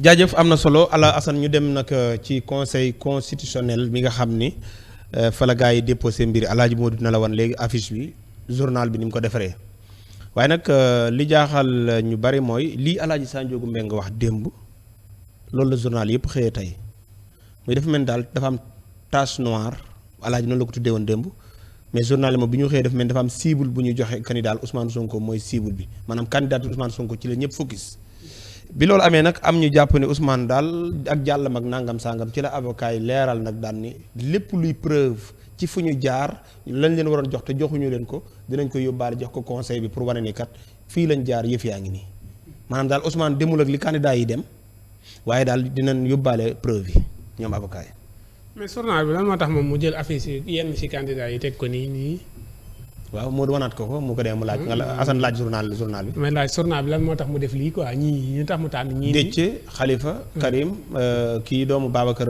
jaajëf am na solo ala asan ñu dem nag euh, ci conseil constitutionnel mi nga xam ni euh, fa la gaa yi déposé mbir alaaji moo dina la wan léegi affiche bi journal bi ni mu ko defaree waaye nag euh, li jaaxal ñu bari mooy lii alaaji Sanjoogu Mbeng wax démb loolu la journal yëpp xëyee tey muy dafa mel dafa am tache noire alaaji noonu la ko tuddee woon démb mais journal moom bi ñu xëyee dafa mel dafa am cible bu ñu joxe candidat Ousmane Sonko mooy cible b maanaam candidat Ousmane Sonko ci la ñëpp focus bi loolu amee nag am ñu jàpp ne Ousmane daal ak jàllam ak nangam sàngam ci la avocat yi leeral nag daal ni lépp luy preuve ci fu ñu jaar lañ leen waroon jox te joxuñu leen ko dinañ ko yóbbaale jox ko conseil bi pour wane ni kat fii lañ jaar yëf yaa ngi nii maanaam daal Ousmane demul ak li candidat yi dem waaye daal dinañ yóbbaale preuve yi ñoom avocat yi. mais journal bi lan moo tax moom mu jël affiche yenn si candidat yi teg ko nii nii. waaw Modou wanaat ko ko mu ko dee mu laaj. Mm-hmm. Assane laaj journal journal bi. mais laaj journal bi lan moo tax mu def lii quoi ñii ñu tax mu tànn ñii. Déthié Khalifa mm. Karim euh, kii doomu Babacar.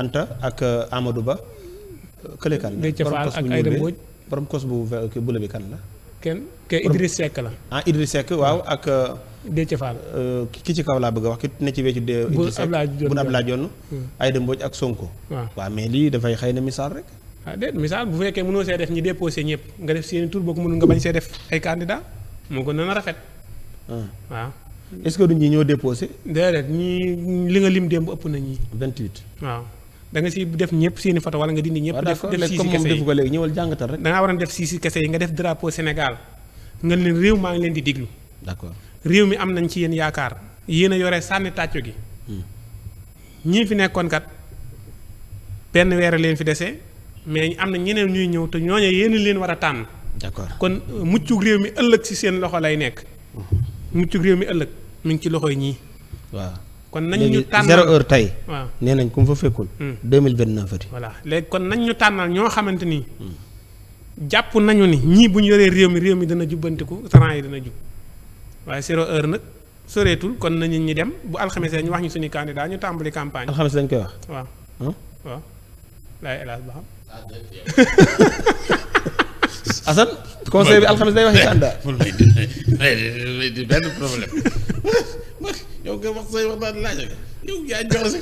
Anta euh, Ba. Kële kan la Déthié Fall ak Aïda borom kos bu bu bi kan la. kenn ke Idriss Seck la. ah Idriss Seck waaw mm. ak. Euh, Déthié Fall. ki ci kaw laa bëgg a wax ki ne ci wéccu. bu Ablaye Jonn bu Ablaye Jonn mm. Aïda ak Sonko. waaw mais lii dafay xëy na misaal rek. ah déet misaal bu fekkee mënoo see def ñi déposé ñëpp nga def seen tur boo ko mënul nga bañ see def ay candidat moo ko nana rafet. Ah. waaw. est-ce que du ñi ñoo déposé. déedéet ñii li nga lim démb ëpp na ñii. 28 waaw. da nga si def ñëpp seeni photo wala nga dindi ñëpp def def comme moom defu ko léegi ñëwal jàngatal a def si si kese yi nga def drapeau Sénégal nga leen réew maa ngi leen di diglu d'accord réew mi am nañ ci yéen yaakaar yéen a yore sànni tàccu gi hmm. ñii fi nekkoon kat benn weer leen fi dese mais am na ñeneen ñuy ñëw te ñooñu yéen leen war a tànn. d'accord kon muccug réew mi ëllëg ci seen loxo lay nekk. muccug réew mi ëllëg mi ngi ci yi ñii. waaw kon nañ ñu tànnal heure tey. waaw nee nañ ku mu fa hmm. vingt neuf voilà léegi kon nañ ñu tànnal ñoo xamante ni. jàpp nañu ni ñii bu ñu yoree réew mi réew mi dana jubbantiku rang yi dana jub waaye zéro heure nag soreetul kon nañu ñi dem bu alxames ñu wax ñu suñu candidat ñu tàmbali campagne. alxames dañ koy wax. waaw waaw. laay El Hadj Ba. Assane conseil bi alxames day wax say wax daan laaj yow yaa joxe sa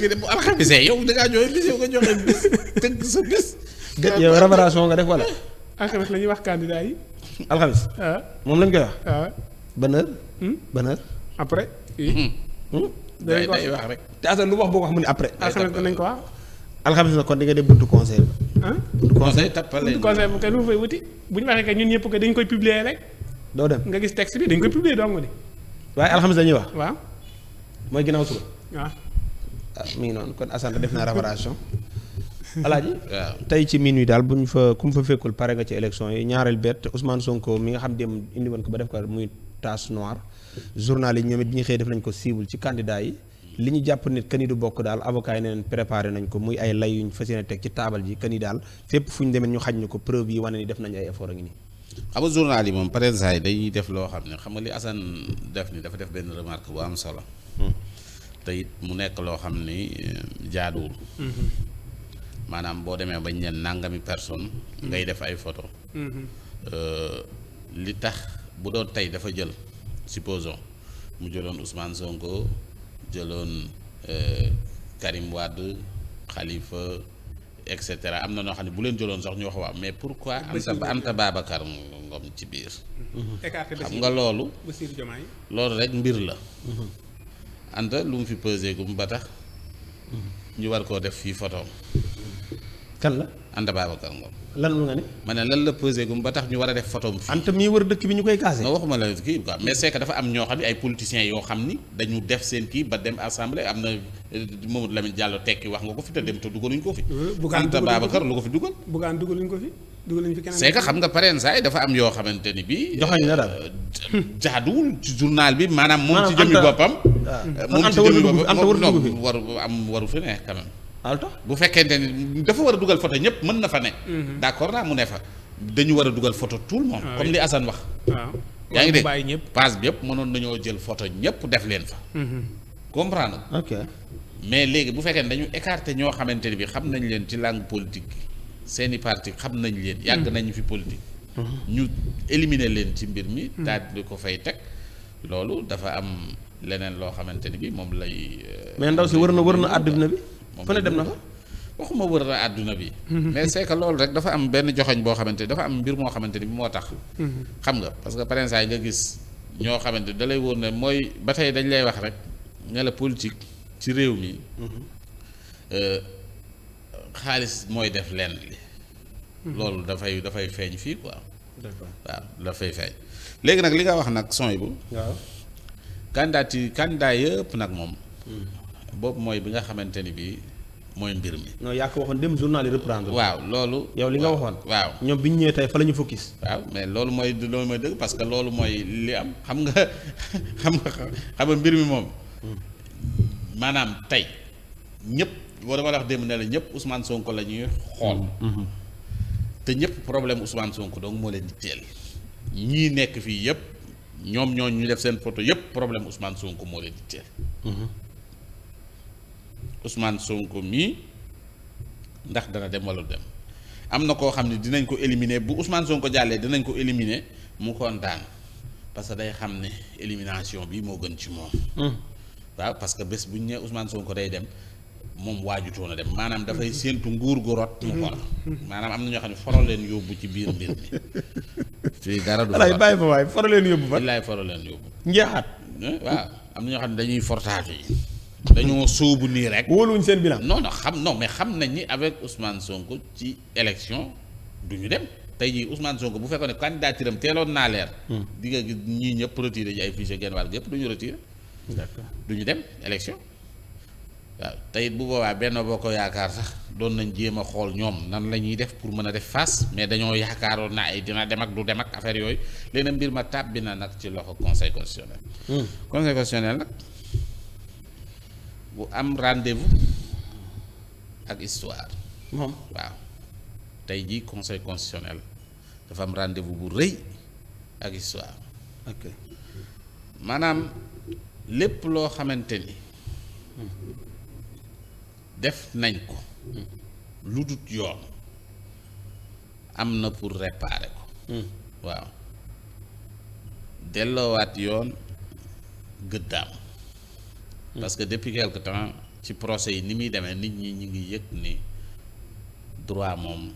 wax candidat yi. alxames. Ah. moom lañ koy wax. waaw ah. ban hmm? après. Hmm. Hmm? wax rek. te Assane lu wax boo ko wax mu ne après. alxames dinañ ko wax. alxames nag kon di nga dem buntu conseil ba. ah. conseil tapal lañ conseil bu ko wuti bu ñu waxee que ñun ñëpp que dañ koy publier rek. doo dem nga gis texte bi dañ koy publier dong di. waaye alxames la ñuy wax. waaw. mooy ginnaaw suba. waaw. ah mi ngi noonu kon Assane def naa réparation. Alaaji waaw tey ci minuit daal bu ñu fa ku mu fa fekkul pare nga ci élection yi ñaareel bett Ousmane Sonko mi nga xam dem indi woon ko ba def ko muy tache noire journal yi ñoom it bi ñu xëy def nañ ko cible ci candidat yi. li ñu jàpp nit kani du bokk daal avocat yi neen préparé nañ ko muy ay lay yuñ fas yéene teg ci taabal ji kani daal fépp fu ñu demee ñu xaj ñu ko preuve yi wane ni def nañ ay effort a ngi nii xam journal yi moom parents yi dañuy def loo xam ne xam nga li Assane def ni dafa def benn remarque bu am solo hmm. te it mu nekk loo xam ni eh, jaaduwul hmm. maanaam boo demee bañ ne nàngami personne hmm. ngay def ay photo eh, li tax bu doon tey dafa jël supposons mu jëloon Ousmane Sonko jëloon euh, Karim Wade xalifa et cetera am na noo xam ne bu leen jëloon sax ñu wax waaw mais pourquoi. Anta Anta Babacar Ngom ci biir. Mmh. xam nga loolu. loolu rek mbir la. Mmh. Anta lu mu fi pesé gum ba tax. Mmh. ñu war koo def fii photo kan la. Anta Babacar Ngom. lan nga ne. ma ne lan la pesé gum ba tax ñu war a def photo am fii. Anta mii wër dëkk bi ñu koy casé. non waxuma dafa am ñoo xam ay politiciens yoo xam ni dañu def seen kii ba dem assemblée am na euh, Mamadou Lamine Diallo tekki wax nga ko fi te dem te dugaluñ ko fi. Euh, bugaan ko fi dugal. bugaan dugaluñ ko fi. dugaluñ fi keneen c'est que xam nga pareen saa yi dafa am yoo xamante ni bii. joxoñ na daal euh, jaaduwul journal bi maanaam. moom ci jëmmi boppam. Ah. moom ci jëmmi boppam am waru ne quand alto ah, bu fekkente ni dafa war a dugal photo ñëpp mën na fa ne. Mhm. d' accord naa mu ne fa dañu war a dugal photo tout le monde. Ah comme li Assane wax. waaw ah. yaa ngi dégg pass bi yëpp mënoon nañoo jël photo ñëpp def leen fa. Mhm. comprendre ok mais léegi bu fekkee ne dañu écarter ñoo xamante ni bi xam nañ leen ci langue politique seeni seen parti xam nañ leen. yàgg mhm. nañu fi politique. ñu éliminer leen ci mbir mi. daal di ko fay teg loolu dafa am leneen loo xamante ni bi moom lay. Euh, mais ndaw si wër na wër na àdduna bi. fu ne dem na fa àdduna bi mais c'est loolu rek dafa am benn joxoñ boo xamante ni dafa am mbir moo xamante ni bi moo tax xam nga parce que par exemple nga gis ñoo xamante da lay wóor ne mooy ba tey dañ lay wax rek ne la ci réew mi euh, xaalis mooy def lenn li loolu dafay dafay feeñ fii quoi waaw dafay feeñ léegi nag li nga wax nag son bu waaw candidat yi candidat yëpp nag moom hmm. boobu mooy bi nga xamante ni bii mooy mbir mi. non yaa ko waxoon dem journal yi reprendre. waaw loolu. yow li nga waxoon. waaw ñoom bi ñu ñëwee tey fa la ñu focus. waaw mais loolu mooy loolu mooy dëgg parce que loolu mooy li am xam nga xam nga xam nga mbir mi moom. Hmm. maanaam tey ñëpp boo dama la wax démb ne la ñëpp Ousmane Sonko la ñuy xool. Hmm, hmm, te ñëpp problème Ousmane Sonko donc moo leen di teel ñii nekk fii yëpp ñoom ñoo ñu def seen photo yëpp problème Ousmane Sonko moo leen di teel. Ousmane Sonko mii ndax dana dem wala dem am na koo xam ne dinañ ko éliminer bu Ousmane ko jàllee dinañ ko éliminer mu kontaan parce que day xam ne élimination bi moo gën ci moom. Hmm. waaw parce que bés bu ñu nee Ousmane Sonko day dem moom waajutoon a dem maanaam dafay séentu nguur gu rot. mu hmm. xor maanaam am na ñoo xam ne foro leen yóbbu ci biir mbir mi. fii dara du fa bàyyi fa waay foro leen yóbbu fa. illaay foro leen yóbbu. njeexaat. Hmm, waaw am na ñoo xam ne dañuy fortaatu dañoo sóobu nii rek. wóoluwuñ seen bilan. non non xam non mais xam nañ ni avec Ousmane Sonko ci élection du ñu dem tey jii Ousmane Sonko bu fekkoon ne candidature am teeloon naa leer. Hmm. di nga gis ñii ñëpp retiré ji ay fichier genn wàll yëpp du ñu retiré. ñu dem élection. waaw tey bu boobaa benn boo ko yaakaar sax doon nañ jéem a xool ñoom nan la ñuy def pour mën a def fas mais dañoo yaakaaroon naa ay dina dem ak du dem ak affaire yooyu léegi mbir ma tàbbi na nag ci loxo conseil constitutionnel. Hmm. bu am rendez-vous ak histoire. moom waaw tey jii conseil constitutionnel dafa am rendez-vous bu rëy ak histoire. ok maanaam lépp loo xamante ni def nañ ko. lu dut yoon am na pour réparer ko. Hmm. waaw delloowaat yoon gëddaam. Mm. parce que depuis quelque temps ci procès yi ni muy demee nit ñi ñu ngi yëg ni droit moom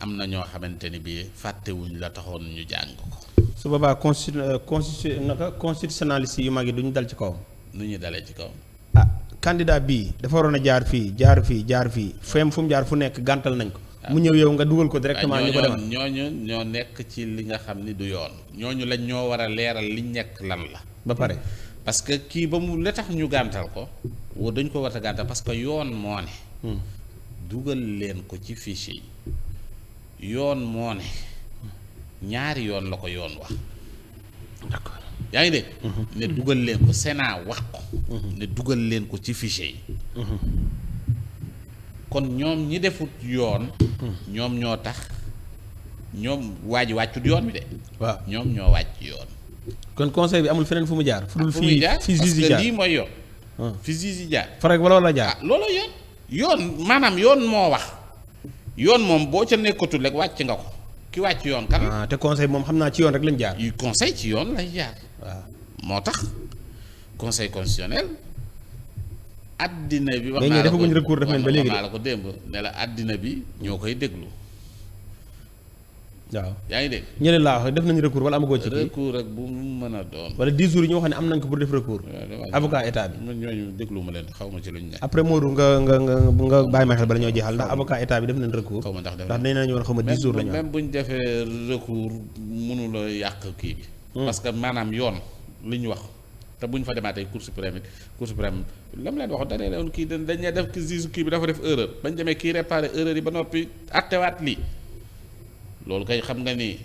am na ñoo xamante ni bii fàttewuñ la taxoon ñu jàng ko. su boobaa consti euh, constitution naka constitutionnaliste yu mag yi du ñu dal ci kaw. nu ñu dalee ci kaw. ah candidat bii dafa waroon a jaar fii jaar fii jaar fii ah. fem fu mu jaar fu nekk gàntal nañ ko. Ah. mu ñëw yow nga dugal ko directement. Ah, ñu ko demal ñooñu ñoo nekk ci li nga xam ni du yoon. ñooñu lañ ñoo war a leeral liñ nekk lan la. ba parce que kii ba mu la tax ñu gàntal ko woo dañ ko war a gàntal parce que yoon moo ne hmm. dugal leen ko ci fichier yi yoon moo ne ñaari yoon la ko yoon wax d'accord yaa ngi dégg hmm. ne dugal leen ko seenaa wax ko hmm. ne dugal leen ko ci fichier yi kon ñoom ñi defut yoon ñoom ñoo tax ñoom waa wàccut yoon bi de waaw ñoom ñoo wàcc yoon kon conseil bi amul feneen fu mu jaar. fu dul fii fii zizi jaar lii mooy yoon. Ah. fii zizi jaar. farag wala wala jaar ah, yoon. maanaam yoon moo wax yoon moom boo ca nekkatul rek wàcc nga ko ki wàcc yoon. kan ah, te conseil moom xam naa ci yoon rek lañ jaar. yu conseil ci yoon lay jaar. waaw moo tax conseil constitutionnel. addina bi wax naa la ko mais ñoom defaguñ recours ba léegi naa la ko démb ne la addina bi ñoo koy déglu. waaw yaa ngi dégg ñeneen laa wax def nañu recours wala amagoo ci recours bu mu mën a doon wala dix jours yi ñoo xam ne am nañ ko pour def recours avocat état bi man leen xaw ma ci lu ñu ne après Modou nga nga nga nga bàyyi ma xel bala ñoo jeexal ndax avocat état bi def la ñu même kii bi hmm. parce que maanaam yoon li ñu wax te bu ñu fa demaatee cour suprême it cour suprême la mu leen def kii bi dafa def erreur bañ demee kii réparé erreur yi ba noppi attewaat lii loolu kay xam nga ni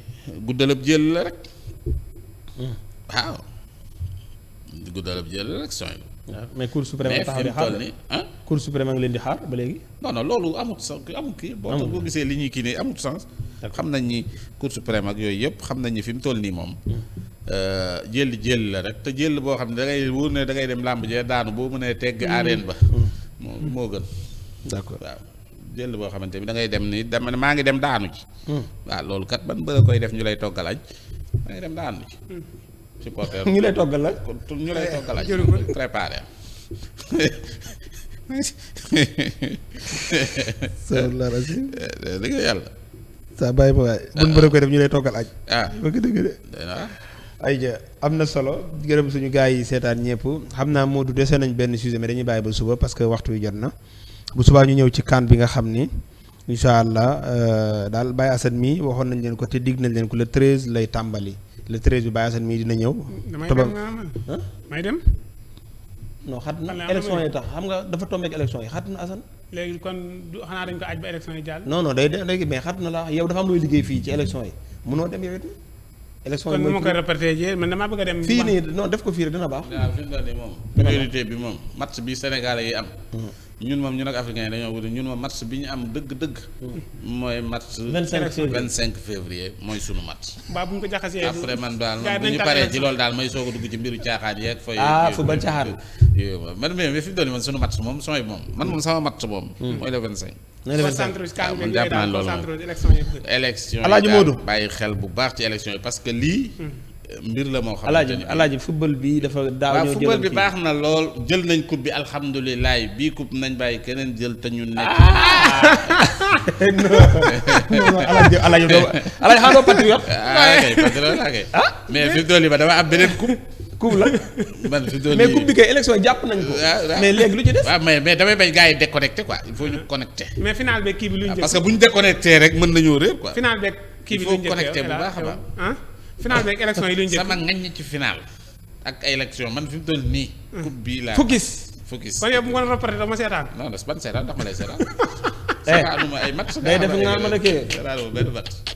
guddalab jël la rek hmm. waaw guddalab jël la rek sooy mais cour suprême ni ah cour suprême leen di xaar ba léegi non loolu amut sens amut kii boo boo gisee li ñuy kii ne amut sens xam nañ ni cour suprême ak yooyu yëpp xam nañ ni fi mu toll nii moom hmm. euh, jël jël la rek te jël boo xam ne da ngay ne da ngay dem làmb jee daanu boo mënee tegg hmm. arène ba moo moo gën d'accord jël boo xamante bi da ngay dem ni dama maa ngi dem daanu hmm. loolu kat koy def ñu lay toggal añ da ngay dem hmm. lay toggal la ñu lay toggal añ préparé. sër la rajo. dëgg yàlla. saa bàyyi ba waay buñ bëri koy def ñu lay toggal añ. Ah. ay ja am na solo gërëm suñu gars yi seetaan ñëpp xam naa moo du dese nañ benn sujet mais dañuy bàyyi ba suba parce que waxtu wi jot na. bu subaa ñu ñëw ci kan bi nga xam ni incha allah euh, daal Baye Assane mii waxoon nañ leen ko te digg nañ leen ko le treize lay tàmbali le treize bi Baye Assane mii dina ñëw. toba may dem non xat na élection yi tax xam nga dafa tombé ak élection yi xat na Assane. léegi kon du xanaa dañ ko aj ba élection yi jàll. non non day day mais xat na la yow dafa am looy liggéey fii ci élection yi munoo dem yow it. élection yi mooy kon nu ma ko répété jii man damaa bëgg a dem. fii nii non def ko fii rek dina baax. waaw fi mu moom. priorité bi moom match bi Sénégalais yi am. ñun moom ñun ak africain yi dañoo wute ñun moom match bi ñu am dëgg-dëgg. mooy match. 25 février 25 février mooy sunu match. waaw bu ñu ko jaxasee après man daal bu ñu paree ci loolu daal may soog a dugg ci mbiru caaxaan yeeg. fooy ah football caaxaan. man mais fi mu doon man sunu match moom sooy moom man moom sama match moom. mooy le 25. na leen élection yi alaaji Modou bàyyi xel bu baax ci élection yi parce que lii. mbir la moo xam alaaji alaaji football bi dafa daaw ñoo football bi baax na lool jël nañ coupe bi alhamdulilah bii coupe nañ bàyyi keneen jël te ñu nekk. non non alaaji alaaji doo alaaji xam nga patriote. ah kay patriote ah kay. mais fi mu toll ba dama am beneen coupe. coupe la mais coupe bi kay élection jàpp nañ ko. Ah, ah. mais léegi lu ci des. waaw ah, mais mais damay bañ gars yi déconnecté quoi il faut ñu connecté. mais final beeg kii bi lu ñu parce que bu ñu déconnecté rek mën nañoo réer quoi. final beeg kii bi lu ñu jëkk sama ngañ ci final. ak ay man fi mu toll nii. Hmm. coupe bii laa focus. focus kon yow bu ma la rapporté dama seetaan. non non ban seetaan ndax ma lay seetaan. seetaanuma eh. ay match. day